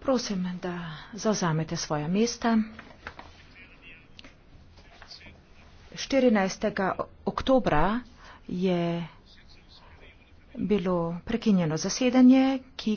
prosim da zavzamete svoja mesta. štirinajst oktobra je bilo prekinjeno zasedanje ki ga je sklicala vlada.